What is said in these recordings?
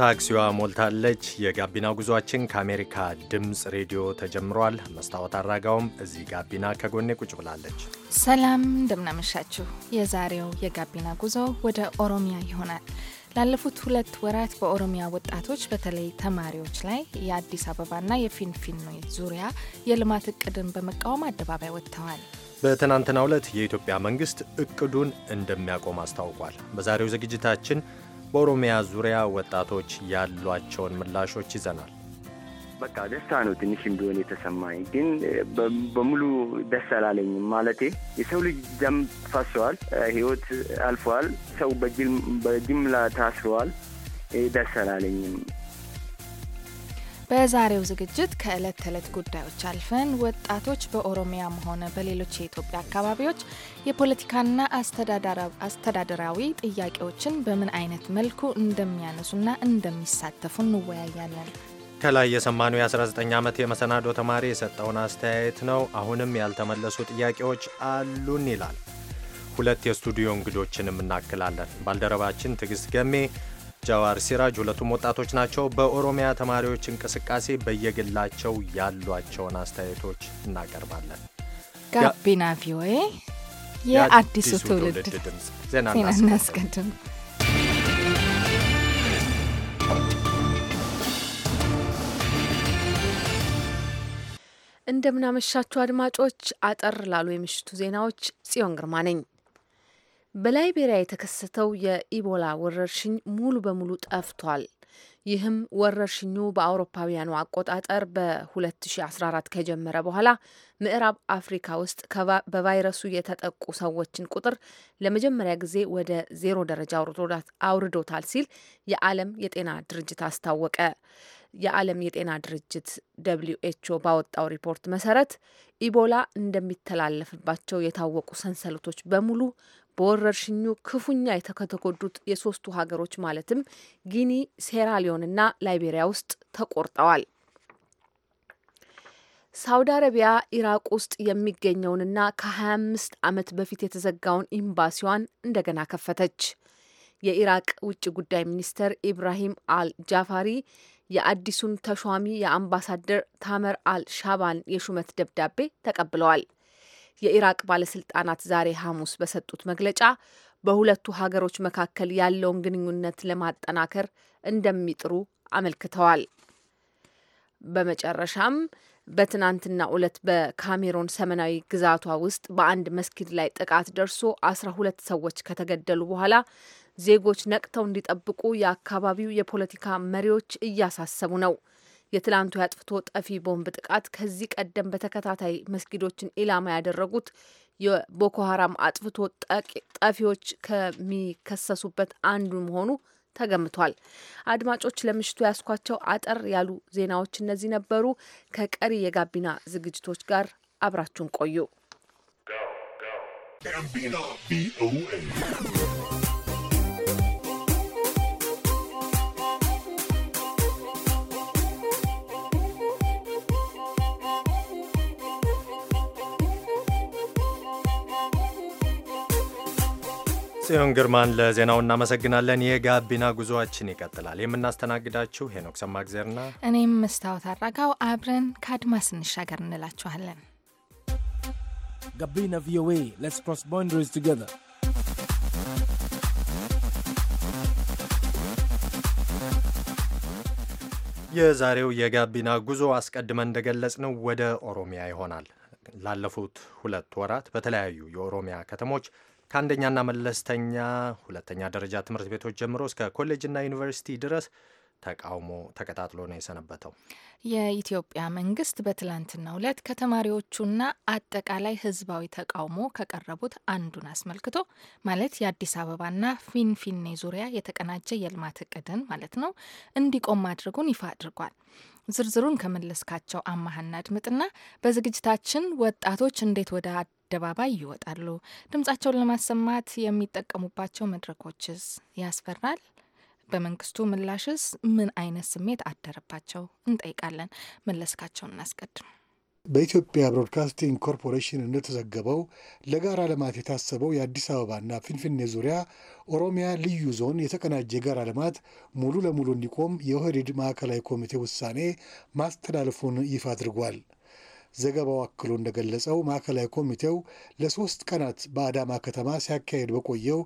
ታክሲዋ ሞልታለች። የጋቢና ጉዟችን ከአሜሪካ ድምፅ ሬዲዮ ተጀምሯል። መስታወት አራጋውም እዚህ ጋቢና ከጎኔ ቁጭ ብላለች። ሰላም እንደምናመሻችሁ። የዛሬው የጋቢና ጉዞ ወደ ኦሮሚያ ይሆናል። ላለፉት ሁለት ወራት በኦሮሚያ ወጣቶች በተለይ ተማሪዎች ላይ የአዲስ አበባና የፊንፊኔ ዙሪያ የልማት እቅድን በመቃወም አደባባይ ወጥተዋል። በትናንትናው ዕለት የኢትዮጵያ መንግስት እቅዱን እንደሚያቆም አስታውቋል። በዛሬው ዝግጅታችን በኦሮሚያ ዙሪያ ወጣቶች ያሏቸውን ምላሾች ይዘናል። በቃ ደስታ ነው ትንሽ ቢሆን የተሰማኝ፣ ግን በሙሉ ደስ አላለኝም። ማለቴ የሰው ልጅ ደም ፈሰዋል፣ ህይወት አልፈዋል፣ ሰው በጅምላ ታስረዋል። ደስ አላለኝም። በዛሬው ዝግጅት ከዕለት ተዕለት ጉዳዮች አልፈን ወጣቶች በኦሮሚያም ሆነ በሌሎች የኢትዮጵያ አካባቢዎች የፖለቲካና አስተዳደራዊ ጥያቄዎችን በምን አይነት መልኩ እንደሚያነሱና እንደሚሳተፉ እንወያያለን። ከላይ የሰማነው የ19 ዓመት የመሰናዶ ተማሪ የሰጠውን አስተያየት ነው። አሁንም ያልተመለሱ ጥያቄዎች አሉን ይላል። ሁለት የስቱዲዮ እንግዶችንም እናክላለን። ባልደረባችን ትዕግስት ገሜ ጃዋር ሲራጅ ሁለቱም ወጣቶች ናቸው። በኦሮሚያ ተማሪዎች እንቅስቃሴ በየግላቸው ያሏቸውን አስተያየቶች እናቀርባለን። ጋቢና ቪኦኤ የአዲሱ ትውልድ ድምፅ። ዜና እናስቀድም። እንደምናመሻችሁ አድማጮች፣ አጠር ላሉ የምሽቱ ዜናዎች ጽዮን ግርማ ነኝ። በላይቤሪያ የተከሰተው የኢቦላ ወረርሽኝ ሙሉ በሙሉ ጠፍቷል። ይህም ወረርሽኙ በአውሮፓውያኑ አቆጣጠር በ2014 ከጀመረ በኋላ ምዕራብ አፍሪካ ውስጥ በቫይረሱ የተጠቁ ሰዎችን ቁጥር ለመጀመሪያ ጊዜ ወደ ዜሮ ደረጃ አውርዶታል ሲል የዓለም የጤና ድርጅት አስታወቀ። የዓለም የጤና ድርጅት ደብልዩ ኤችኦ ባወጣው ሪፖርት መሰረት ኢቦላ እንደሚተላለፍባቸው የታወቁ ሰንሰለቶች በሙሉ በወረርሽኙ ክፉኛ የተከተጎዱት የሶስቱ ሀገሮች ማለትም ጊኒ፣ ሴራሊዮንና ላይቤሪያ ውስጥ ተቆርጠዋል። ሳውዲ አረቢያ ኢራቅ ውስጥ የሚገኘውንና ከ25 ዓመት በፊት የተዘጋውን ኤምባሲዋን እንደገና ከፈተች። የኢራቅ ውጭ ጉዳይ ሚኒስተር ኢብራሂም አል ጃፋሪ የአዲሱን ተሿሚ የአምባሳደር ታመር አል ሻባን የሹመት ደብዳቤ ተቀብለዋል። የኢራቅ ባለስልጣናት ዛሬ ሐሙስ በሰጡት መግለጫ በሁለቱ ሀገሮች መካከል ያለውን ግንኙነት ለማጠናከር እንደሚጥሩ አመልክተዋል። በመጨረሻም በትናንትና ዕለት በካሜሮን ሰሜናዊ ግዛቷ ውስጥ በአንድ መስጊድ ላይ ጥቃት ደርሶ አስራ ሁለት ሰዎች ከተገደሉ በኋላ ዜጎች ነቅተው እንዲጠብቁ የአካባቢው የፖለቲካ መሪዎች እያሳሰቡ ነው። የትላንቱ የአጥፍቶ ጠፊ ቦምብ ጥቃት ከዚህ ቀደም በተከታታይ መስጊዶችን ኢላማ ያደረጉት የቦኮ ሀራም አጥፍቶ ጠፊዎች ከሚከሰሱበት አንዱ መሆኑ ተገምቷል። አድማጮች ለምሽቱ ያስኳቸው አጠር ያሉ ዜናዎች እነዚህ ነበሩ። ከቀሪ የጋቢና ዝግጅቶች ጋር አብራችሁን ቆዩ። ጽዮን ግርማን ለዜናው እናመሰግናለን። የጋቢና ጉዞአችን ይቀጥላል። የምናስተናግዳችሁ ሄኖክ ሰማግዜርና እኔም መስታወት አራጋው አብረን ከአድማስ እንሻገር እንላችኋለን። ጋቢና ቪኦኤ ሌትስ ክሮስ ቦንደሪስ ቱጌዘር የዛሬው የጋቢና ጉዞ አስቀድመን እንደገለጽነው ወደ ኦሮሚያ ይሆናል። ላለፉት ሁለት ወራት በተለያዩ የኦሮሚያ ከተሞች ከአንደኛና መለስተኛ ሁለተኛ ደረጃ ትምህርት ቤቶች ጀምሮ እስከ ኮሌጅና ዩኒቨርሲቲ ድረስ ተቃውሞ ተቀጣጥሎ ነው የሰነበተው። የኢትዮጵያ መንግስት በትላንትናው ዕለት ከተማሪዎቹና አጠቃላይ ህዝባዊ ተቃውሞ ከቀረቡት አንዱን አስመልክቶ ማለት የአዲስ አበባና ፊንፊኔ ዙሪያ የተቀናጀ የልማት እቅድን ማለት ነው እንዲቆም ማድረጉን ይፋ አድርጓል። ዝርዝሩን ከመለስካቸው አማሃና አድምጥና በዝግጅታችን ወጣቶች እንዴት ወደ አደባባይ ይወጣሉ? ድምጻቸውን ለማሰማት የሚጠቀሙባቸው መድረኮችስ ያስፈራል? በመንግስቱ ምላሽስ ምን አይነት ስሜት አደረባቸው? እንጠይቃለን። መለስካቸውን እናስቀድም። በኢትዮጵያ ብሮድካስቲንግ ኮርፖሬሽን እንደተዘገበው ለጋራ ልማት የታሰበው የአዲስ አበባና ፊንፊኔ ዙሪያ ኦሮሚያ ልዩ ዞን የተቀናጀ የጋራ ልማት ሙሉ ለሙሉ እንዲቆም የኦህዴድ ማዕከላዊ ኮሚቴ ውሳኔ ማስተላለፉን ይፋ አድርጓል። ዘገባው አክሎ እንደገለጸው ማዕከላዊ ኮሚቴው ለሶስት ቀናት በአዳማ ከተማ ሲያካሄድ በቆየው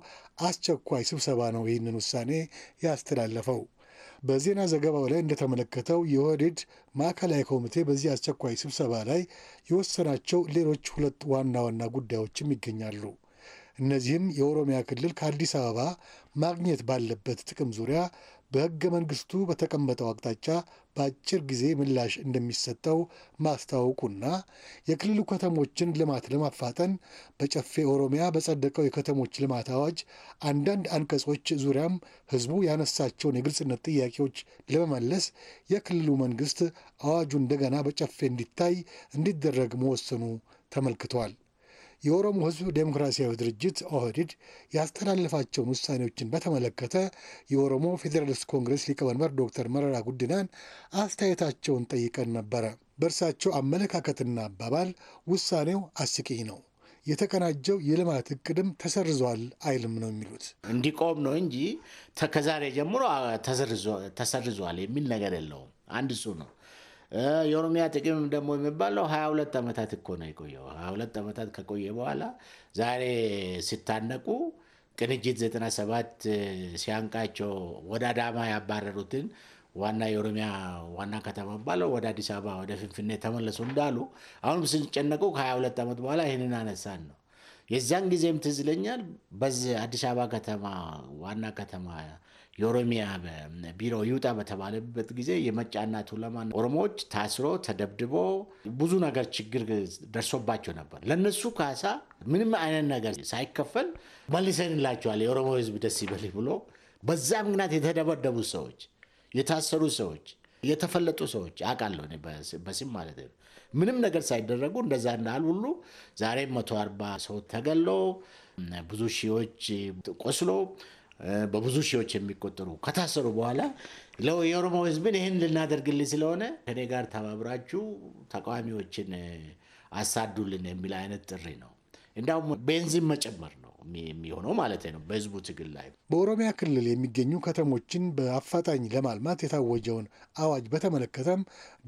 አስቸኳይ ስብሰባ ነው ይህንን ውሳኔ ያስተላለፈው። በዜና ዘገባው ላይ እንደተመለከተው የኦህዴድ ማዕከላዊ ኮሚቴ በዚህ አስቸኳይ ስብሰባ ላይ የወሰናቸው ሌሎች ሁለት ዋና ዋና ጉዳዮችም ይገኛሉ። እነዚህም የኦሮሚያ ክልል ከአዲስ አበባ ማግኘት ባለበት ጥቅም ዙሪያ በሕገ መንግሥቱ በተቀመጠው አቅጣጫ በአጭር ጊዜ ምላሽ እንደሚሰጠው ማስታወቁና የክልሉ ከተሞችን ልማት ለማፋጠን በጨፌ ኦሮሚያ በጸደቀው የከተሞች ልማት አዋጅ አንዳንድ አንቀጾች ዙሪያም ሕዝቡ ያነሳቸውን የግልጽነት ጥያቄዎች ለመመለስ የክልሉ መንግሥት አዋጁ እንደገና በጨፌ እንዲታይ እንዲደረግ መወሰኑ ተመልክቷል። የኦሮሞ ህዝብ ዴሞክራሲያዊ ድርጅት ኦህዲድ ያስተላለፋቸውን ውሳኔዎችን በተመለከተ የኦሮሞ ፌዴራሊስት ኮንግረስ ሊቀመንበር ዶክተር መረራ ጉዲናን አስተያየታቸውን ጠይቀን ነበረ። በእርሳቸው አመለካከትና አባባል ውሳኔው አስቂኝ ነው፣ የተቀናጀው የልማት እቅድም ተሰርዟል አይልም ነው የሚሉት። እንዲቆም ነው እንጂ ከዛሬ ጀምሮ ተሰርዟል የሚል ነገር የለውም። አንድ እሱ ነው። የኦሮሚያ ጥቅም ደግሞ የሚባለው ሀያ ሁለት ዓመታት እኮ ነው የቆየው። ሀያ ሁለት ዓመታት ከቆየ በኋላ ዛሬ ሲታነቁ ቅንጅት 97 ሲያንቃቸው ወደ አዳማ ያባረሩትን ዋና የኦሮሚያ ዋና ከተማ ባለው ወደ አዲስ አበባ ወደ ፍንፍኔ ተመለሱ እንዳሉ አሁንም ስንጨነቁ ከ22 ዓመት በኋላ ይህንን አነሳን ነው። የዚያን ጊዜም ትዝለኛል ይለኛል በዚህ አዲስ አበባ ከተማ ዋና ከተማ የኦሮሚያ ቢሮ ይውጣ በተባለበት ጊዜ የመጫና ቱለማ ኦሮሞዎች ታስሮ ተደብድቦ ብዙ ነገር ችግር ደርሶባቸው ነበር። ለነሱ ካሳ ምንም አይነት ነገር ሳይከፈል መልሰንላቸዋል የኦሮሞ ሕዝብ ደስ ይበል ብሎ በዛ ምክንያት የተደበደቡ ሰዎች፣ የታሰሩ ሰዎች፣ የተፈለጡ ሰዎች አውቃለሁ በስም ማለት ነው። ምንም ነገር ሳይደረጉ እንደዛ እንዳል ሁሉ ዛሬ መቶ አርባ ሰው ተገሎ ብዙ ሺዎች ቆስሎ በብዙ ሺዎች የሚቆጠሩ ከታሰሩ በኋላ የኦሮሞ ህዝብን ይህን ልናደርግልን ስለሆነ ከኔ ጋር ተባብራችሁ ተቃዋሚዎችን አሳዱልን የሚል አይነት ጥሪ ነው። እንዲሁም ቤንዚን መጨመር ነው የሚሆነው ማለት ነው በህዝቡ ትግል ላይ። በኦሮሚያ ክልል የሚገኙ ከተሞችን በአፋጣኝ ለማልማት የታወጀውን አዋጅ በተመለከተም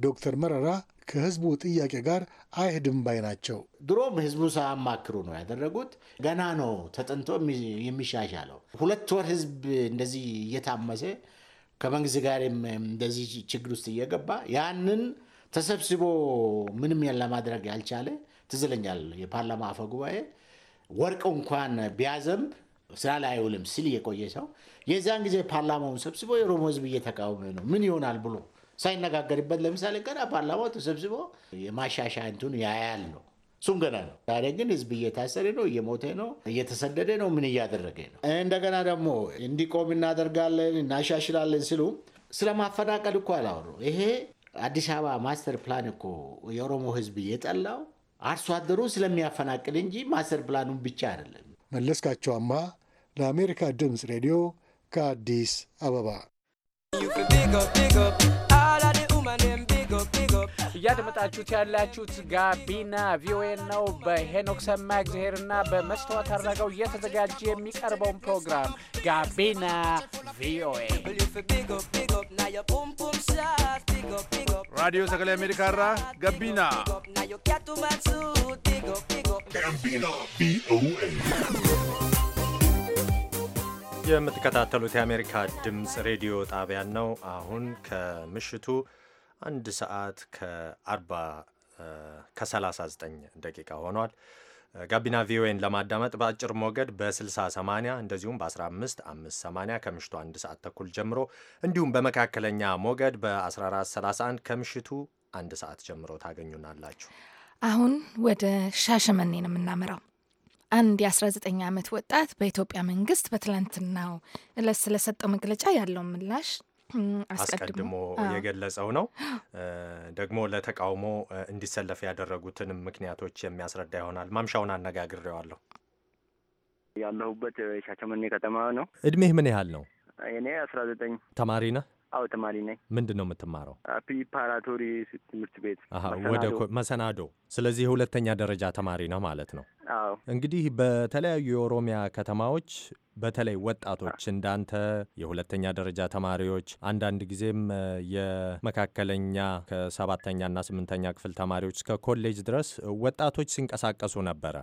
ዶክተር መረራ ከህዝቡ ጥያቄ ጋር አይሄድም ባይ ናቸው። ድሮም ህዝቡ ሳያማክሩ ነው ያደረጉት። ገና ነው ተጠንቶ የሚሻሻለው። ሁለት ወር ህዝብ እንደዚህ እየታመሰ ከመንግስት ጋር እንደዚህ ችግር ውስጥ እየገባ ያንን ተሰብስቦ ምንም ለማድረግ ያልቻለ ትዝለኛል የፓርላማ አፈ ጉባኤ ወርቅ እንኳን ቢያዘንብ ስራ ላይ አይውልም ሲል እየቆየ ሰው የዚያን ጊዜ ፓርላማውን ሰብስቦ የሮሞ ህዝብ እየተቃወመ ነው ምን ይሆናል ብሎ ሳይነጋገርበት ለምሳሌ ገና ፓርላማው ተሰብስቦ የማሻሻያ እንትን ያያል ነው እሱም ገና ነው። ዛሬ ግን ህዝብ እየታሰረ ነው፣ እየሞተ ነው፣ እየተሰደደ ነው፣ ምን እያደረገ ነው። እንደገና ደግሞ እንዲቆም እናደርጋለን እናሻሽላለን ሲሉ ስለማፈናቀል እኮ አላወሩ። ይሄ አዲስ አበባ ማስተር ፕላን እኮ የኦሮሞ ህዝብ እየጠላው አርሶ አደሩ ስለሚያፈናቅል እንጂ ማሰር ፕላኑን ብቻ አይደለም። መለስካቸው አማ ለአሜሪካ ድምፅ ሬዲዮ ከአዲስ አበባ። እያደመጣችሁት ያላችሁት ጋቢና ቪኦኤ ነው። በሄኖክ ሰማ እግዚአብሔርና በመስተዋት አድረገው እየተዘጋጀ የሚቀርበውን ፕሮግራም ጋቢና ቪኦኤ Radio Sagale raadiyoo sagalee ameerikaa irraa gabbiinaa. የምትከታተሉት የአሜሪካ ድምፅ ሬዲዮ ጣቢያን ነው። አሁን ከምሽቱ አንድ ሰዓት ከ40 ከ39 ደቂቃ ሆኗል። ጋቢና ቪኦኤን ለማዳመጥ በአጭር ሞገድ በ6080 እንደዚሁም በ15580 ከምሽቱ አንድ ሰዓት ተኩል ጀምሮ እንዲሁም በመካከለኛ ሞገድ በ1431 ከምሽቱ 1 ሰዓት ጀምሮ ታገኙናላችሁ። አሁን ወደ ሻሸመኔ ነው የምናመራው። አንድ የ19 ዓመት ወጣት በኢትዮጵያ መንግስት በትላንትናው እለት ስለሰጠው መግለጫ ያለውን ምላሽ አስቀድሞ የገለጸው ነው። ደግሞ ለተቃውሞ እንዲሰለፍ ያደረጉትንም ምክንያቶች የሚያስረዳ ይሆናል። ማምሻውን አነጋግሬዋለሁ። ያለሁበት ሻሸመኔ ከተማ ነው። እድሜህ ምን ያህል ነው? እኔ አስራ ዘጠኝ ተማሪ ነህ? አዎ ተማሪ ነኝ። ምንድን ነው የምትማረው? ፕሪፓራቶሪ ትምህርት ቤት ወደ መሰናዶ። ስለዚህ የሁለተኛ ደረጃ ተማሪ ነው ማለት ነው። አዎ እንግዲህ በተለያዩ የኦሮሚያ ከተማዎች በተለይ ወጣቶች እንዳንተ የሁለተኛ ደረጃ ተማሪዎች አንዳንድ ጊዜም የመካከለኛ ከሰባተኛና ስምንተኛ ክፍል ተማሪዎች እስከ ኮሌጅ ድረስ ወጣቶች ሲንቀሳቀሱ ነበረ።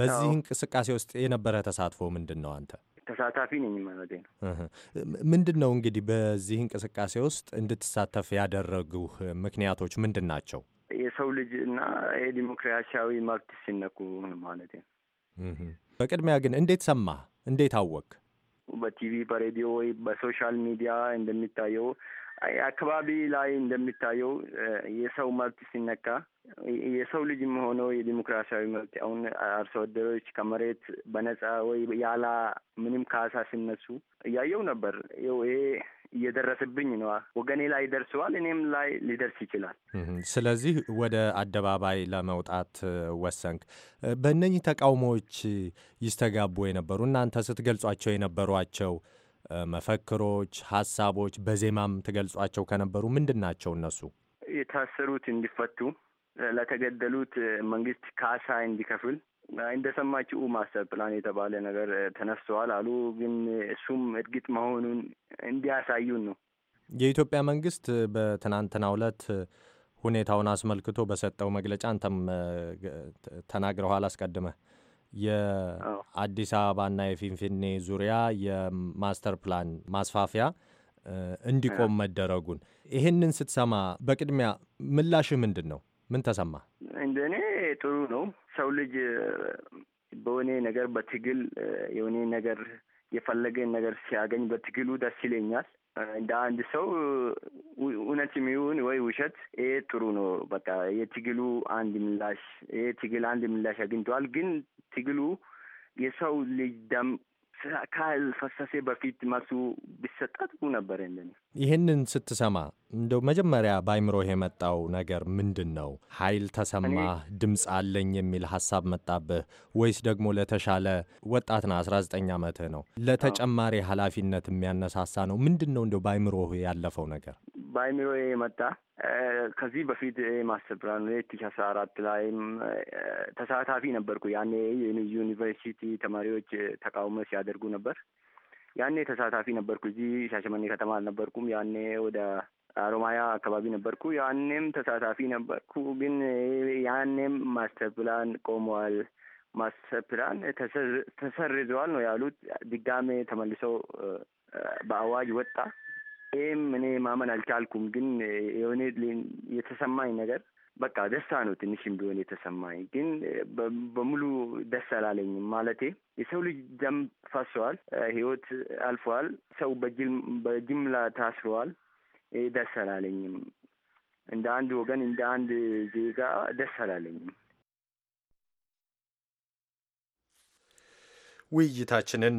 በዚህ እንቅስቃሴ ውስጥ የነበረ ተሳትፎ ምንድን ነው አንተ? ተሳታፊ ነኝ ማለት ነው። ምንድን ነው እንግዲህ በዚህ እንቅስቃሴ ውስጥ እንድትሳተፍ ያደረጉ ምክንያቶች ምንድን ናቸው? የሰው ልጅ እና የዲሞክራሲያዊ መብት ሲነኩ ማለት ነው። በቅድሚያ ግን እንዴት ሰማህ? እንዴት አወቅ? በቲቪ በሬዲዮ ወይ በሶሻል ሚዲያ እንደሚታየው አካባቢ ላይ እንደሚታየው የሰው መብት ሲነካ የሰው ልጅም ሆነው የዲሞክራሲያዊ መብት አሁን አርሶ አደሮች ከመሬት በነጻ ወይ ያላ ምንም ካሳ ሲነሱ እያየው ነበር። ይኸው ይሄ እየደረስብኝ ነዋ። ወገኔ ላይ ደርሰዋል፣ እኔም ላይ ሊደርስ ይችላል። ስለዚህ ወደ አደባባይ ለመውጣት ወሰንክ። በእነኚህ ተቃውሞዎች ይስተጋቡ የነበሩ እናንተ ስትገልጿቸው የነበሯቸው መፈክሮች፣ ሀሳቦች በዜማም ተገልጿቸው ከነበሩ ምንድን ናቸው እነሱ? የታሰሩት እንዲፈቱ፣ ለተገደሉት መንግስት ካሳ እንዲከፍል እንደሰማችሁ ማስተር ፕላን የተባለ ነገር ተነስተዋል አሉ። ግን እሱም እርግጥ መሆኑን እንዲያሳዩን ነው። የኢትዮጵያ መንግስት በትናንትናው ዕለት ሁኔታውን አስመልክቶ በሰጠው መግለጫ አንተም ተናግረኋል አስቀድመህ የአዲስ አበባና የፊንፊኔ ዙሪያ የማስተር ፕላን ማስፋፊያ እንዲቆም መደረጉን ይህንን ስትሰማ በቅድሚያ ምላሽህ ምንድን ነው? ምን ተሰማ? እንደ እኔ ጥሩ ነው። ሰው ልጅ በሆነ ነገር በትግል የሆነ ነገር የፈለገን ነገር ሲያገኝ በትግሉ ደስ ይለኛል። እንደ አንድ ሰው እውነት የሚሆን ወይ ውሸት ይሄ ጥሩ ነው። በቃ የትግሉ አንድ ምላሽ ይሄ ትግል አንድ ምላሽ አግኝተዋል። ግን ትግሉ የሰው ልጅ ደም ካልፈሰሰ በፊት መልሱ ቢሰጣ ነበር እንደኔ ይህንን ስትሰማ እንደው መጀመሪያ በአይምሮህ የመጣው ነገር ምንድን ነው? ኃይል ተሰማ፣ ድምፅ አለኝ የሚል ሀሳብ መጣብህ? ወይስ ደግሞ ለተሻለ ወጣት ነህ፣ 19 ዓመትህ ነው፣ ለተጨማሪ ኃላፊነት የሚያነሳሳ ነው? ምንድን ነው እንደው በአይምሮህ ያለፈው ነገር? በአይምሮዬ የመጣ ከዚህ በፊት ማስተር ፕላን ሁለት ሺህ አስራ አራት ላይም ተሳታፊ ነበርኩ። ያኔ ዩኒቨርሲቲ ተማሪዎች ተቃውሞ ሲያደርጉ ነበር። ያኔ ተሳታፊ ነበርኩ። እዚህ ሻሸመኔ ከተማ አልነበርኩም። ያኔ ወደ አሮማያ አካባቢ ነበርኩ። ያኔም ተሳታፊ ነበርኩ። ግን ያኔም ማስተር ፕላን ቆመዋል። ማስተር ፕላን ተሰርዘዋል ነው ያሉት። ድጋሜ ተመልሰው በአዋጅ ወጣ። ይህም እኔ ማመን አልቻልኩም። ግን የሆነ የተሰማኝ ነገር በቃ ደስታ ነው ትንሽም ቢሆን የተሰማኝ። ግን በሙሉ ደስ አላለኝም። ማለቴ የሰው ልጅ ደም ፈሰዋል፣ ህይወት አልፈዋል፣ ሰው በጅምላ ታስረዋል። ደስ አላለኝም። እንደ አንድ ወገን፣ እንደ አንድ ዜጋ ደስ አላለኝም። ውይይታችንን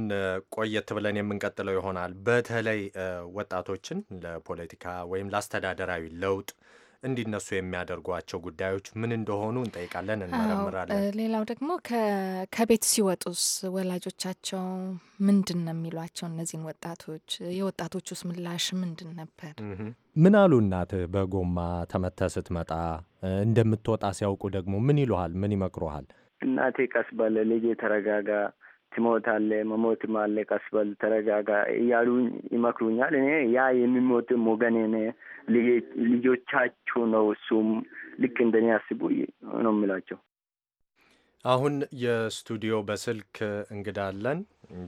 ቆየት ብለን የምንቀጥለው ይሆናል። በተለይ ወጣቶችን ለፖለቲካ ወይም ለአስተዳደራዊ ለውጥ እንዲነሱ የሚያደርጓቸው ጉዳዮች ምን እንደሆኑ እንጠይቃለን፣ እንመረምራለን። ሌላው ደግሞ ከቤት ሲወጡስ ወላጆቻቸው ምንድን ነው የሚሏቸው እነዚህን ወጣቶች? የወጣቶች ውስጥ ምላሽ ምንድን ነበር? ምን አሉ? እናትህ በጎማ ተመተ ስትመጣ እንደምትወጣ ሲያውቁ ደግሞ ምን ይሉሃል? ምን ይመክሩሃል? እናቴ ቀስ በል ልጄ፣ ተረጋጋ አለ መሞትም አለ፣ ቀስበል ተረጋጋ እያሉ ይመክሩኛል። እኔ ያ የሚሞትም ወገኔ ልጆቻችሁ ነው፣ እሱም ልክ እንደኔ አስቡ ነው የሚላቸው። አሁን የስቱዲዮ በስልክ እንግዳ አለን።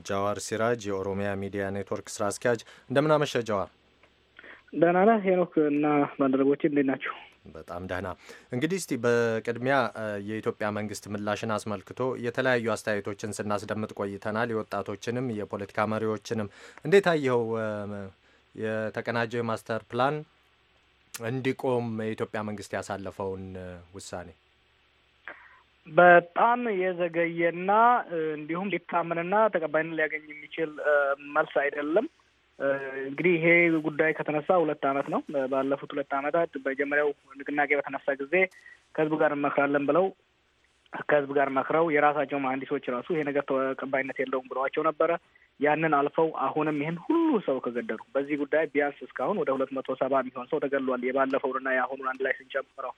ጃዋር ሲራጅ የኦሮሚያ ሚዲያ ኔትወርክ ስራ አስኪያጅ። እንደምናመሸ ጃዋር። ደህና ነህ ሄኖክ እና ባልደረቦቼ እንዴት ናቸው? በጣም ደህና። እንግዲህ እስቲ በቅድሚያ የኢትዮጵያ መንግስት ምላሽን አስመልክቶ የተለያዩ አስተያየቶችን ስናስደምጥ ቆይተናል። የወጣቶችንም የፖለቲካ መሪዎችንም እንዴት አየኸው? የተቀናጀው የማስተር ፕላን እንዲቆም የኢትዮጵያ መንግስት ያሳለፈውን ውሳኔ በጣም የዘገየና እንዲሁም ሊታመንና ተቀባይነት ሊያገኝ የሚችል መልስ አይደለም። እንግዲህ ይሄ ጉዳይ ከተነሳ ሁለት አመት ነው። ባለፉት ሁለት ዓመታት መጀመሪያው ንቅናቄ በተነሳ ጊዜ ከህዝብ ጋር እንመክራለን ብለው ከህዝብ ጋር መክረው የራሳቸው መሀንዲሶች ራሱ ይሄ ነገር ተቀባይነት የለውም ብለዋቸው ነበረ። ያንን አልፈው አሁንም ይህን ሁሉ ሰው ከገደሉ በዚህ ጉዳይ ቢያንስ እስካሁን ወደ ሁለት መቶ ሰባ የሚሆን ሰው ተገድሏል። የባለፈውንና የአሁኑን አንድ ላይ ስንጨምረው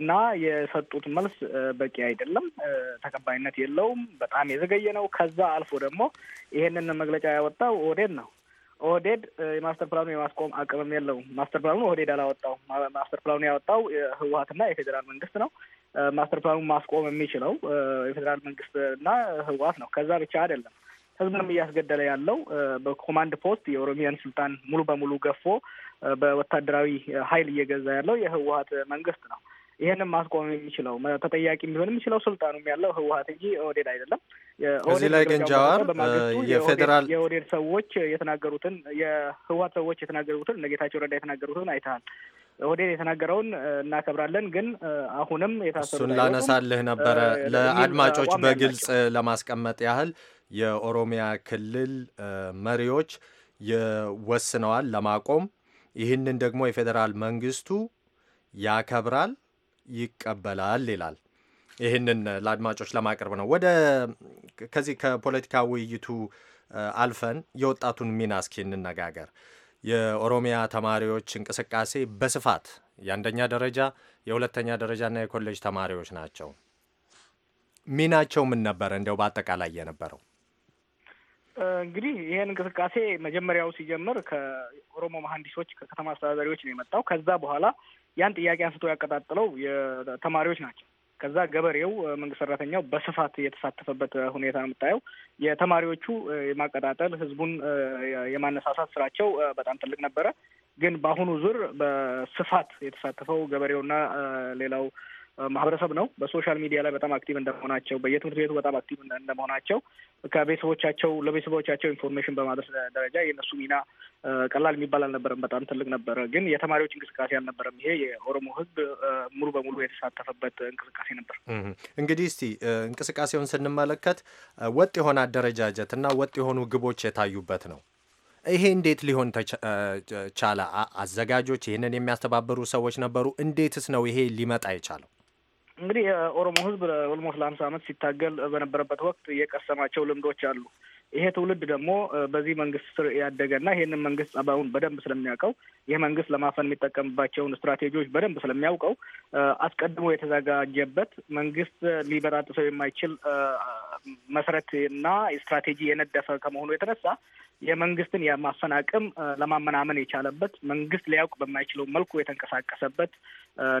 እና የሰጡት መልስ በቂ አይደለም፣ ተቀባይነት የለውም፣ በጣም የዘገየ ነው። ከዛ አልፎ ደግሞ ይሄንን መግለጫ ያወጣው ኦዴን ነው። ኦህዴድ የማስተር ፕላኑ የማስቆም አቅምም የለውም። ማስተር ፕላኑ ኦህዴድ አላወጣው። ማስተር ፕላኑ ያወጣው ህወሀትና የፌዴራል መንግስት ነው። ማስተር ፕላኑ ማስቆም የሚችለው የፌዴራል መንግስት እና ህወሀት ነው። ከዛ ብቻ አይደለም ህዝብንም እያስገደለ ያለው በኮማንድ ፖስት የኦሮሚያን ስልጣን ሙሉ በሙሉ ገፎ በወታደራዊ ኃይል እየገዛ ያለው የህወሀት መንግስት ነው። ይህንን ማስቆም የሚችለው ተጠያቂ ሊሆን የሚችለው ስልጣኑም ያለው ህወሀት እንጂ ኦህዴድ አይደለም። እዚህ ላይ ግን ጃዋር የፌዴራል የኦህዴድ ሰዎች የተናገሩትን የህወሀት ሰዎች የተናገሩትን እነ ጌታቸው ረዳ የተናገሩትን አይተሃል። ኦህዴድ የተናገረውን እናከብራለን፣ ግን አሁንም የታሰሩን ላነሳልህ ነበረ ለአድማጮች በግልጽ ለማስቀመጥ ያህል የኦሮሚያ ክልል መሪዎች ወስነዋል ለማቆም። ይህንን ደግሞ የፌዴራል መንግስቱ ያከብራል። ይቀበላል ይላል። ይህንን ለአድማጮች ለማቅረብ ነው። ወደ ከዚህ ከፖለቲካ ውይይቱ አልፈን የወጣቱን ሚና እስኪ እንነጋገር። የኦሮሚያ ተማሪዎች እንቅስቃሴ በስፋት የአንደኛ ደረጃ የሁለተኛ ደረጃና የኮሌጅ ተማሪዎች ናቸው። ሚናቸው ምን ነበረ? እንዲያው በአጠቃላይ የነበረው እንግዲህ ይህን እንቅስቃሴ መጀመሪያው ሲጀምር ከኦሮሞ መሀንዲሶች ከከተማ አስተዳዳሪዎች ነው የመጣው። ከዛ በኋላ ያን ጥያቄ አንስቶ ያቀጣጥለው የተማሪዎች ናቸው። ከዛ ገበሬው፣ መንግስት ሰራተኛው በስፋት የተሳተፈበት ሁኔታ ነው የምታየው። የተማሪዎቹ የማቀጣጠል ህዝቡን የማነሳሳት ስራቸው በጣም ትልቅ ነበረ። ግን በአሁኑ ዙር በስፋት የተሳተፈው ገበሬውና ሌላው ማህበረሰብ ነው። በሶሻል ሚዲያ ላይ በጣም አክቲቭ እንደመሆናቸው፣ በየትምህርት ቤቱ በጣም አክቲቭ እንደመሆናቸው ከቤተሰቦቻቸው ለቤተሰቦቻቸው ኢንፎርሜሽን በማድረስ ደረጃ የእነሱ ሚና ቀላል የሚባል አልነበረም። በጣም ትልቅ ነበረ። ግን የተማሪዎች እንቅስቃሴ አልነበረም። ይሄ የኦሮሞ ህዝብ ሙሉ በሙሉ የተሳተፈበት እንቅስቃሴ ነበር። እንግዲህ እስቲ እንቅስቃሴውን ስንመለከት ወጥ የሆነ አደረጃጀት እና ወጥ የሆኑ ግቦች የታዩበት ነው። ይሄ እንዴት ሊሆን ቻለ? አዘጋጆች፣ ይህንን የሚያስተባበሩ ሰዎች ነበሩ። እንዴትስ ነው ይሄ ሊመጣ የቻለው? እንግዲህ የኦሮሞ ህዝብ ኦልሞስት ለአምሳ ዓመት ሲታገል በነበረበት ወቅት የቀሰማቸው ልምዶች አሉ። ይሄ ትውልድ ደግሞ በዚህ መንግስት ስር ያደገና ይሄንን መንግስት ጸባዩን በደንብ ስለሚያውቀው ይህ መንግስት ለማፈን የሚጠቀምባቸውን ስትራቴጂዎች በደንብ ስለሚያውቀው አስቀድሞ የተዘጋጀበት መንግስት ሊበጣጥሰው የማይችል መሰረትና ስትራቴጂ የነደፈ ከመሆኑ የተነሳ የመንግስትን የማፈን አቅም ለማመናመን የቻለበት መንግስት ሊያውቅ በማይችለው መልኩ የተንቀሳቀሰበት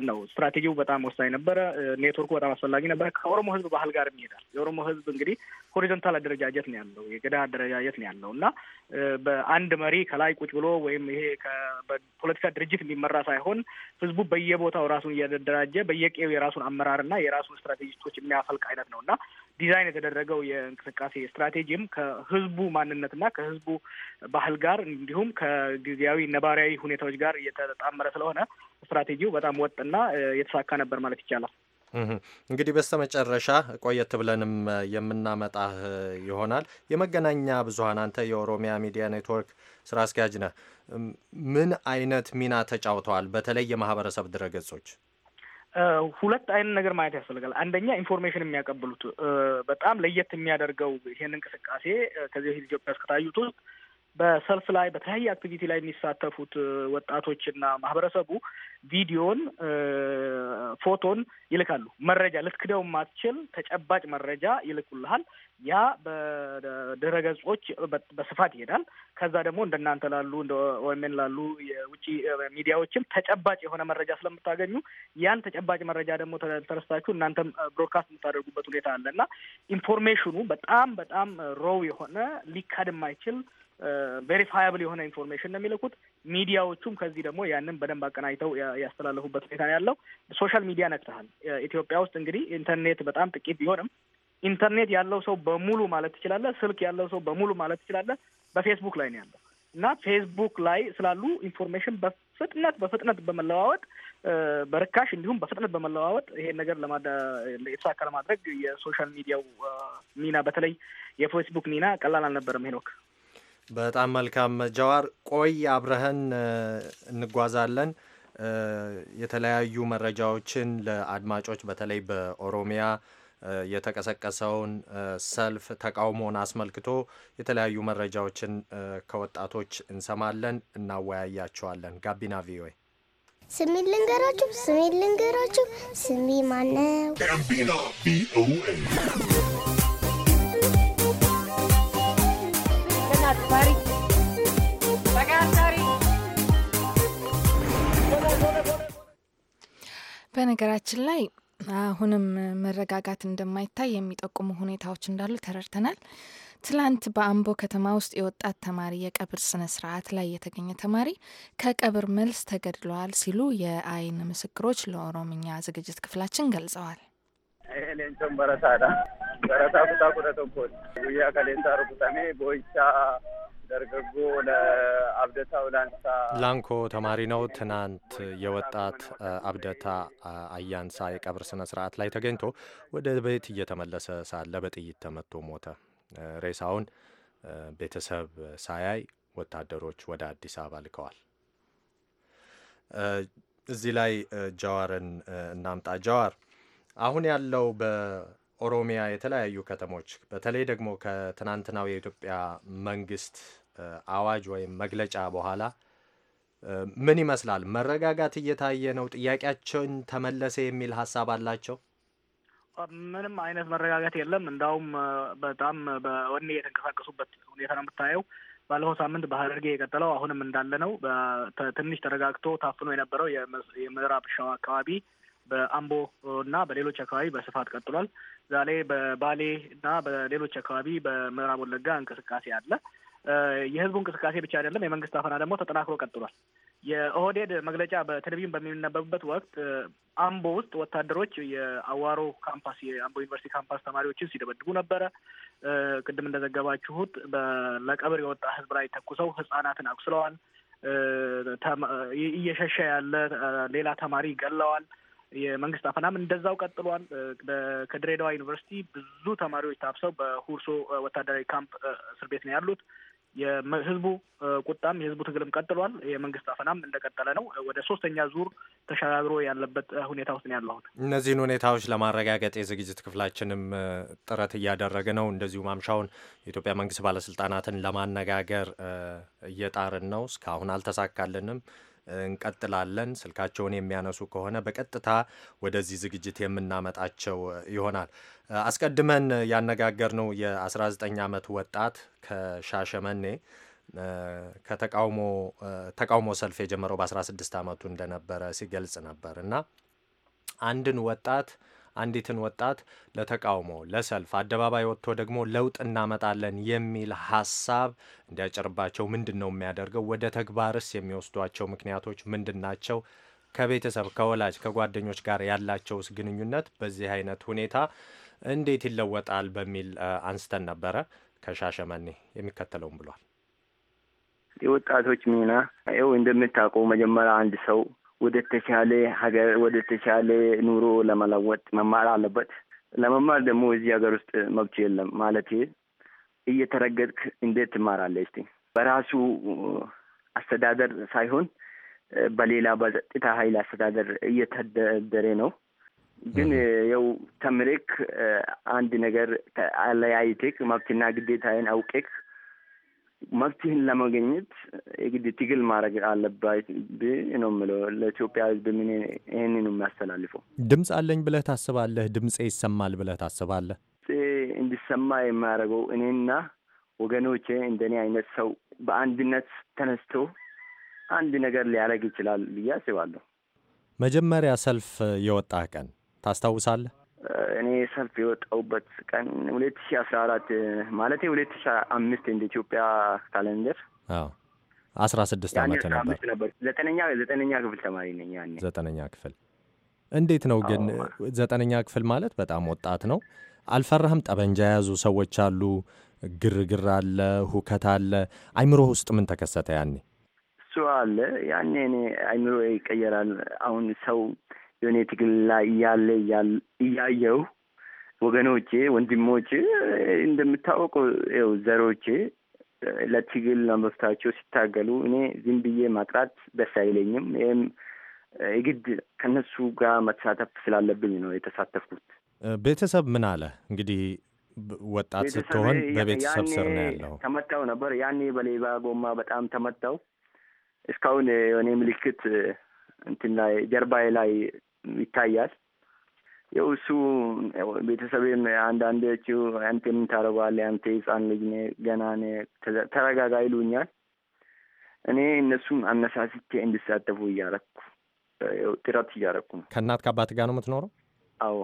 ነው። ስትራቴጂው በጣም ወሳኝ ነበረ። ኔትወርኩ በጣም አስፈላጊ ነበረ። ከኦሮሞ ህዝብ ባህል ጋርም ይሄዳል። የኦሮሞ ህዝብ እንግዲህ ሆሪዞንታል አደረጃጀት ነው ያለው፣ የገዳ አደረጃጀት ነው ያለው እና በአንድ መሪ ከላይ ቁጭ ብሎ ወይም ይሄ በፖለቲካ ድርጅት የሚመራ ሳይሆን ህዝቡ በየቦታው ራሱን እያደራጀ በየቄው የራሱን አመራር እና የራሱን ስትራቴጂስቶች የሚያፈልቅ አይነት ነው እና ዲዛይን የተደረገው የእንቅስቃሴ ስትራቴጂም ከህዝቡ ማንነትና ከህዝቡ ባህል ጋር እንዲሁም ከጊዜያዊ ነባሪያዊ ሁኔታዎች ጋር እየተጣመረ ስለሆነ ስትራቴጂው በጣም ወጥና የተሳካ ነበር ማለት ይቻላል። እንግዲህ በስተመጨረሻ ቆየት ብለንም የምናመጣህ ይሆናል። የመገናኛ ብዙኃን አንተ የኦሮሚያ ሚዲያ ኔትወርክ ስራ አስኪያጅ ነህ። ምን አይነት ሚና ተጫውተዋል? በተለይ የማህበረሰብ ድረገጾች ሁለት አይነት ነገር ማየት ያስፈልጋል። አንደኛ ኢንፎርሜሽን የሚያቀብሉት በጣም ለየት የሚያደርገው ይሄን እንቅስቃሴ ከዚህ በፊት ኢትዮጵያ እስከታዩት ውስጥ በሰልፍ ላይ በተለያየ አክቲቪቲ ላይ የሚሳተፉት ወጣቶችና ማህበረሰቡ ቪዲዮን፣ ፎቶን ይልካሉ። መረጃ ልትክደው ማትችል ተጨባጭ መረጃ ይልኩልሃል። ያ በድረ ገጾች በስፋት ይሄዳል። ከዛ ደግሞ እንደናንተ ላሉ እንደ ኦኤምኤን ላሉ የውጭ ሚዲያዎችም ተጨባጭ የሆነ መረጃ ስለምታገኙ ያን ተጨባጭ መረጃ ደግሞ ተረስታችሁ እናንተም ብሮድካስት የምታደርጉበት ሁኔታ አለ እና ኢንፎርሜሽኑ በጣም በጣም ሮው የሆነ ሊካድ የማይችል ቬሪፋያብል የሆነ ኢንፎርሜሽን ነው የሚልኩት። ሚዲያዎቹም ከዚህ ደግሞ ያንን በደንብ አቀናጅተው ያስተላለፉበት ሁኔታ ነው ያለው። ሶሻል ሚዲያ ነክተሃል። ኢትዮጵያ ውስጥ እንግዲህ ኢንተርኔት በጣም ጥቂት ቢሆንም ኢንተርኔት ያለው ሰው በሙሉ ማለት ትችላለህ፣ ስልክ ያለው ሰው በሙሉ ማለት ትችላለህ በፌስቡክ ላይ ነው ያለው እና ፌስቡክ ላይ ስላሉ ኢንፎርሜሽን በፍጥነት በፍጥነት በመለዋወጥ በርካሽ እንዲሁም በፍጥነት በመለዋወጥ ይሄን ነገር የተሳካ ለማድረግ የሶሻል ሚዲያው ሚና በተለይ የፌስቡክ ሚና ቀላል አልነበረም ሄኖክ። በጣም መልካም ጀዋር፣ ቆይ አብረህን እንጓዛለን። የተለያዩ መረጃዎችን ለአድማጮች በተለይ በኦሮሚያ የተቀሰቀሰውን ሰልፍ ተቃውሞን አስመልክቶ የተለያዩ መረጃዎችን ከወጣቶች እንሰማለን፣ እናወያያቸዋለን። ጋቢና ቪኦኤ ስሜ ልንገራችሁ፣ ስሜ ልንገራችሁ፣ ስሜ ማነው? ጋቢና ቪኦኤ በነገራችን ላይ አሁንም መረጋጋት እንደማይታይ የሚጠቁሙ ሁኔታዎች እንዳሉ ተረድተናል። ትላንት በአምቦ ከተማ ውስጥ የወጣት ተማሪ የቀብር ስነ ስርዓት ላይ የተገኘ ተማሪ ከቀብር መልስ ተገድለዋል ሲሉ የአይን ምስክሮች ለኦሮምኛ ዝግጅት ክፍላችን ገልጸዋል። ee leencoon barataadha. Barataa kutaa kudha tokkooti. Guyyaa kaleensaa rukutamee boo'ichaa dargaggoo አብደታ ውላንሳ ላንኮ ተማሪ ነው። ትናንት የወጣት አብደታ አያንሳ የቀብር ስነ ስርዓት ላይ ተገኝቶ ወደ ቤት እየተመለሰ ሳለ በጥይት ተመቶ ሞተ። ሬሳውን ቤተሰብ ሳያይ ወታደሮች ወደ አዲስ አበባ ልከዋል። እዚህ ላይ ጃዋርን እናምጣ። ጃዋር አሁን ያለው በኦሮሚያ የተለያዩ ከተሞች በተለይ ደግሞ ከትናንትናው የኢትዮጵያ መንግስት አዋጅ ወይም መግለጫ በኋላ ምን ይመስላል? መረጋጋት እየታየ ነው? ጥያቄያቸውን ተመለሰ የሚል ሀሳብ አላቸው? ምንም አይነት መረጋጋት የለም። እንዳውም በጣም በወኔ የተንቀሳቀሱበት ሁኔታ ነው የምታየው። ባለፈው ሳምንት በሀረርጌ የቀጠለው አሁንም እንዳለ ነው። ትንሽ ተረጋግቶ ታፍኖ የነበረው የምዕራብ ሸዋ አካባቢ በአምቦ እና በሌሎች አካባቢ በስፋት ቀጥሏል። ዛሬ በባሌ እና በሌሎች አካባቢ በምዕራብ ወለጋ እንቅስቃሴ አለ። የህዝቡ እንቅስቃሴ ብቻ አይደለም፣ የመንግስት አፈና ደግሞ ተጠናክሮ ቀጥሏል። የኦህዴድ መግለጫ በቴሌቪዥን በሚነበብበት ወቅት አምቦ ውስጥ ወታደሮች የአዋሮ ካምፓስ የአምቦ ዩኒቨርሲቲ ካምፓስ ተማሪዎችን ሲደበድቡ ነበረ። ቅድም እንደዘገባችሁት ለቀብር የወጣ ህዝብ ላይ ተኩሰው ህጻናትን አቁስለዋል። እየሸሸ ያለ ሌላ ተማሪ ገለዋል። የመንግስት አፈናም እንደዛው ቀጥሏል። ከድሬዳዋ ዩኒቨርሲቲ ብዙ ተማሪዎች ታፍሰው በሁርሶ ወታደራዊ ካምፕ እስር ቤት ነው ያሉት። የህዝቡ ቁጣም የህዝቡ ትግልም ቀጥሏል። የመንግስት አፈናም እንደቀጠለ ነው። ወደ ሶስተኛ ዙር ተሸጋግሮ ያለበት ሁኔታ ውስጥ ነው ያለው። አሁን እነዚህን ሁኔታዎች ለማረጋገጥ የዝግጅት ክፍላችንም ጥረት እያደረገ ነው። እንደዚሁ ማምሻውን የኢትዮጵያ መንግስት ባለስልጣናትን ለማነጋገር እየጣርን ነው። እስካሁን አልተሳካልንም። እንቀጥላለን። ስልካቸውን የሚያነሱ ከሆነ በቀጥታ ወደዚህ ዝግጅት የምናመጣቸው ይሆናል። አስቀድመን ያነጋገርነው የ19 ዓመት ወጣት ከሻሸመኔ ከተቃውሞ ተቃውሞ ሰልፍ የጀመረው በ16 ዓመቱ እንደነበረ ሲገልጽ ነበር እና አንድን ወጣት አንዲትን ወጣት ለተቃውሞ ለሰልፍ አደባባይ ወጥቶ ደግሞ ለውጥ እናመጣለን የሚል ሀሳብ እንዲያጨርባቸው ምንድን ነው የሚያደርገው? ወደ ተግባርስ የሚወስዷቸው ምክንያቶች ምንድን ናቸው? ከቤተሰብ ከወላጅ ከጓደኞች ጋር ያላቸውስ ግንኙነት በዚህ አይነት ሁኔታ እንዴት ይለወጣል? በሚል አንስተን ነበረ። ከሻሸመኔ የሚከተለውም ብሏል። የወጣቶች ሚና ይኸው እንደምታውቀው መጀመሪያ አንድ ሰው ወደ ተሻለ ሀገር ወደ ተሻለ ኑሮ ለመለወጥ መማር አለበት። ለመማር ደግሞ እዚህ ሀገር ውስጥ መብት የለም ማለት እየተረገጥክ እንዴት ትማራለህ? እስቲ በራሱ አስተዳደር ሳይሆን በሌላ በጸጥታ ኃይል አስተዳደር እየተደደረ ነው። ግን ያው ተምሬክ አንድ ነገር አለያይቴክ መብትና ግዴታዬን አውቄክ መፍትሄን ለመገኘት የግድ ትግል ማድረግ አለባት ነው የምለው። ለኢትዮጵያ ሕዝብ ምን ይህን ነው የሚያስተላልፈው። ድምፅ አለኝ ብለህ ታስባለህ? ድምፄ ይሰማል ብለህ ታስባለህ? እንዲሰማ የማያደርገው እኔና ወገኖቼ እንደኔ አይነት ሰው በአንድነት ተነስቶ አንድ ነገር ሊያደርግ ይችላል ብዬ አስባለሁ። መጀመሪያ ሰልፍ የወጣህ ቀን ታስታውሳለህ? እኔ ሰልፍ የወጣሁበት ቀን ሁለት ሺ አስራ አራት ማለት ሁለት ሺ አምስት እንደ ኢትዮጵያ ካለንደር አስራ ስድስት ዓመት ነበር። ዘጠነኛ ዘጠነኛ ክፍል ተማሪ ነኝ ያኔ ዘጠነኛ ክፍል። እንዴት ነው ግን ዘጠነኛ ክፍል ማለት በጣም ወጣት ነው። አልፈራህም? ጠበንጃ የያዙ ሰዎች አሉ፣ ግርግር አለ፣ ሁከት አለ። አይምሮ ውስጥ ምን ተከሰተ ያኔ? እሱ አለ ያኔ እኔ አይምሮ ይቀየራል። አሁን ሰው የሆነ ትግል ላይ እያለ እያየው ወገኖቼ፣ ወንድሞቼ እንደምታወቀው ው ዘሮቼ ለትግል ለመብታቸው ሲታገሉ እኔ ዝም ብዬ ማቅራት ደስ አይለኝም። ይህም የግድ ከነሱ ጋር መሳተፍ ስላለብኝ ነው የተሳተፍኩት። ቤተሰብ ምን አለ እንግዲህ ወጣት ስትሆን በቤተሰብ ስር ነው ያለው። ተመታው ነበር ያኔ በሌባ ጎማ በጣም ተመታው። እስካሁን የኔ ምልክት እንትን ላይ ጀርባዬ ላይ ይታያል። ያው እሱ ቤተሰብም አንዳንዶቹ አንተ ምን ታደርገዋለህ አንተ ህፃን ልጅ ነህ ገና ነህ ተረጋጋ ይሉኛል። እኔ እነሱም አነሳስቼ እንዲሳተፉ እያረኩ ጥረት እያረኩ ነው። ከእናት ከአባት ጋር ነው የምትኖረው? አዎ።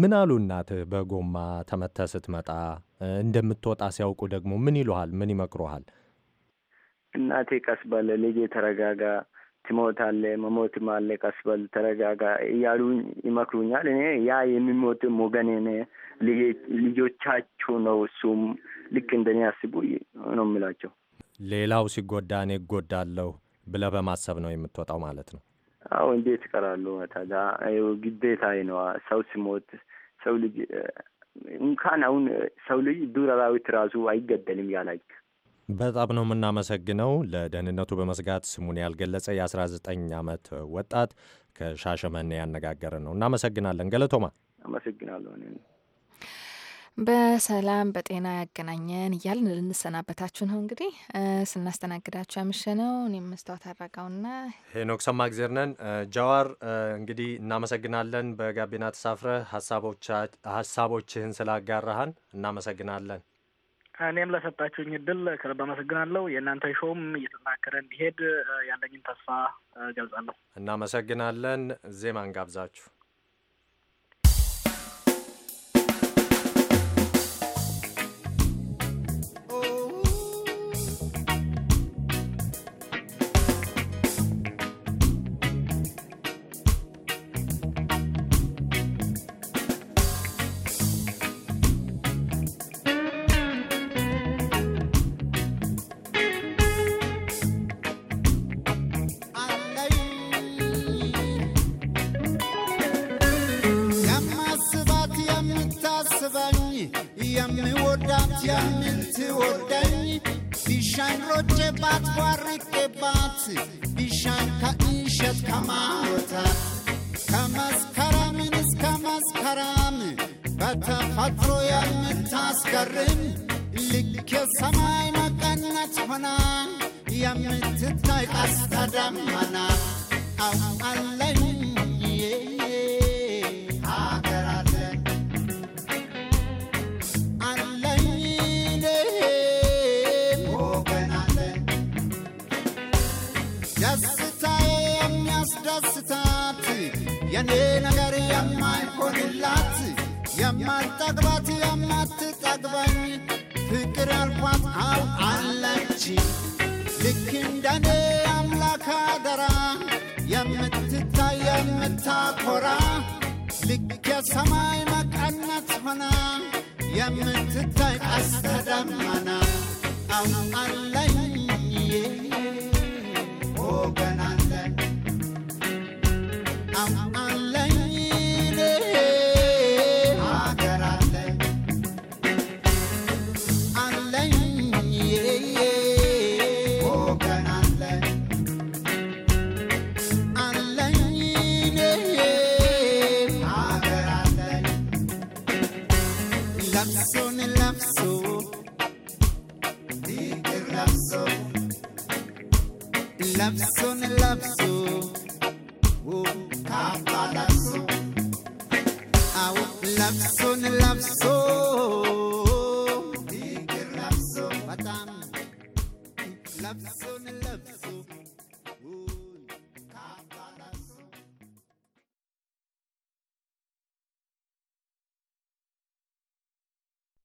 ምን አሉ እናትህ በጎማ ተመተህ ስትመጣ? እንደምትወጣ ሲያውቁ ደግሞ ምን ይሉሃል? ምን ይመክሩሃል? እናቴ ቀስ በለ ልጄ ተረጋጋ አለ መሞትም አለ፣ ቀስበል ተረጋጋ እያሉ ይመክሩኛል። እኔ ያ የሚሞትም ወገኔ ነ ልጆቻችሁ ነው፣ እሱም ልክ እንደኔ ያስቡ ነው የምላቸው። ሌላው ሲጎዳ እኔ እጎዳለሁ ብለ በማሰብ ነው የምትወጣው ማለት ነው? አዎ፣ እንዴት እቀራለሁ ታዲያ? ግዴታ ነው። ሰው ሲሞት ሰው ልጅ እንኳን አሁን ሰው ልጅ ዱር አራዊት ራሱ አይገደልም ያላችሁ በጣም ነው የምናመሰግነው። ለደህንነቱ በመስጋት ስሙን ያልገለጸ የ19 ዓመት ወጣት ከሻሸመኔ ያነጋገረ ነው። እናመሰግናለን ገለቶማ። አመሰግናለሁ። በሰላም በጤና ያገናኘን እያልን ልንሰናበታችሁ ነው። እንግዲህ ስናስተናግዳችሁ ነው። እኔም መስታወት አድረጋውና ሄኖክ ሰማ እግዜር ነን። ጃዋር እንግዲህ እናመሰግናለን። በጋቢና ተሳፍረ ሀሳቦችህን ስላጋራሃን እናመሰግናለን። እኔም ለሰጣችሁኝ እድል ከልብ አመሰግናለሁ። የእናንተ ሾም እየተጠናከረ እንዲሄድ ያለኝን ተስፋ ገልጻለሁ። እናመሰግናለን። ዜማ እንጋብዛችሁ። የማታግባት የማትጠግበኝ ፍቅር ያልኳት አው አለች ልክ እንደኔ አምላክ አደራ የምትታይ የምታኮራ ልክ የሰማይ መቀነት ሆና የምትታይ ቀስተ ደመና አው አለ